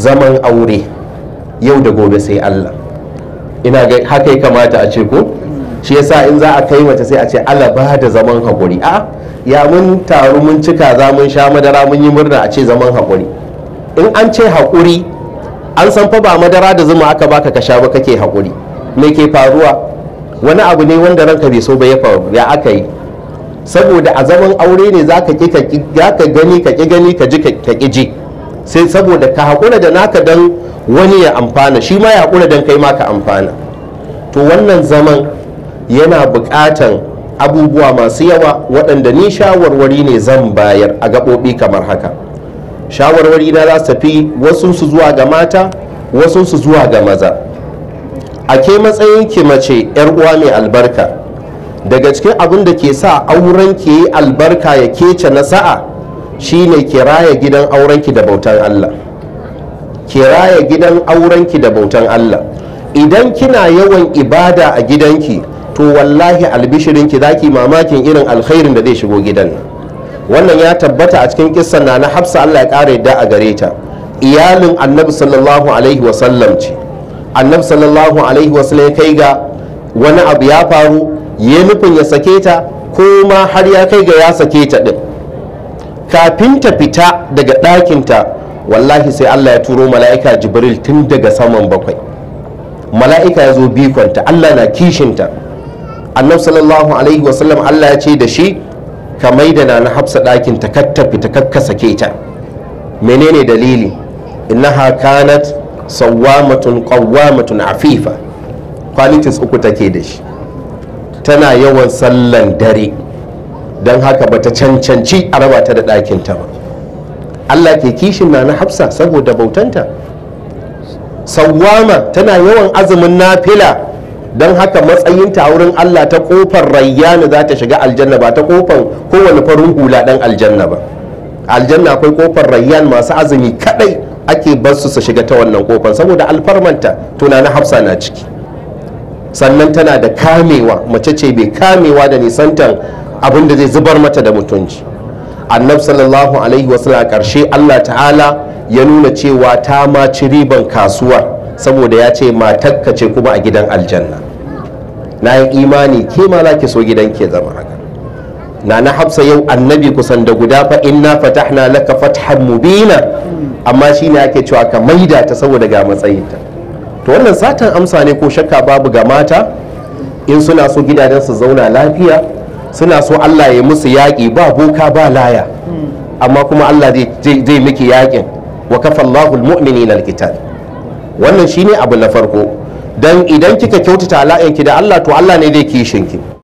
zaman aure yau da gobe sai Allah ina ga haka ya kamata a ce ko shi yasa in za a kai mace sai a ce Allah ba da zaman hakuri a ya mun taru mun cika za mun sha madara mun yi murna a ce zaman hakuri in an ce hakuri an san fa ba madara da zuma aka baka ka sha ba kake hakuri me ke faruwa wani abu ne wanda ranka bai so ba ya faru ya aka yi saboda a zaman aure ne za ka gani ka ki gani ka ji ka ki ji sai saboda ka haƙura da naka don wani ya amfana shi ma ya haƙura don kai ma ka amfana to wannan zaman yana buƙatan abubuwa masu yawa waɗanda ni shawarwari ne zan bayar a gaɓoɓi kamar haka shawarwari na za su tafi wasu su zuwa ga mata wasu su zuwa ga maza a ke matsayin ki mace 'yar uwa mai albarka daga cikin abin da ke sa auren ke yi albarka ya kece na sa'a shine kiraya gidan aurenki da bautan Allah kiraya gidan aurenki da bautan Allah idan kina yawan ibada a gidanki to wallahi albishirinki zaki mamakin irin alkhairin da zai shigo gidan wannan ya tabbata a cikin kissan na na hafsa Allah ya kare da a gare ta iyalin annabi sallallahu alaihi wasallam ce annabi sallallahu alaihi wasallam ya kai ga wani abu ya faru ya nufin ya sake ta ko ma har ya kai ga ya sake ta din kafin ta fita daga ɗakinta wallahi sai Allah ya turo mala'ika jibril tun daga saman bakwai mala'ika ya zo bikonta Allah na kishinta annabi sallallahu alaihi wasallam Allah ya ce da shi ka maida na na hafsa ɗakin ta kattafi ta kakkasa ta menene dalili innaha kanat sawwamatun qawwamatun afifa qualities uku take da shi tana yawan sallan dare don haka bata cancanci a raba ta da ɗakinta ba allah ke kishin na na hafsa saboda bautanta sawwama tana yawan azumin nafila don haka matsayinta a wurin allah ta kofar rayyana za ta shiga aljanna ba ta kofar kowane farin hula dan aljanna ba aljanna akwai kofar rayyan masu azumi kadai ake basu su shiga ta wannan kofar saboda alfarmanta tuna na hafsa na ciki sannan tana da kamewa mace ce bai kamewa da nisantan abin da zai zubar mata da mutunci annab sallallahu alaihi wasallam a ƙarshe allah ta'ala ya nuna cewa ta ma ci riban kasuwar saboda ya ce matakka ce kuma a gidan aljanna na yi imani ke ma za ki so gidan ke zama haka na na hafsa yau annabi kusan da guda fa inna fatahna laka fathan mubina amma shine ake cewa ka maida ta saboda ga matsayinta to wannan satan amsa ne ko shakka babu ga mata in suna so gidajen su zauna lafiya suna so Allah ya musu yaƙi ba boka ba laya amma kuma Allah zai miki yaƙin wa kafa Allahul na Wannan wannan ne abu na farko dan idan kika kyautata ala'inki da Allah to Allah ne zai kishinki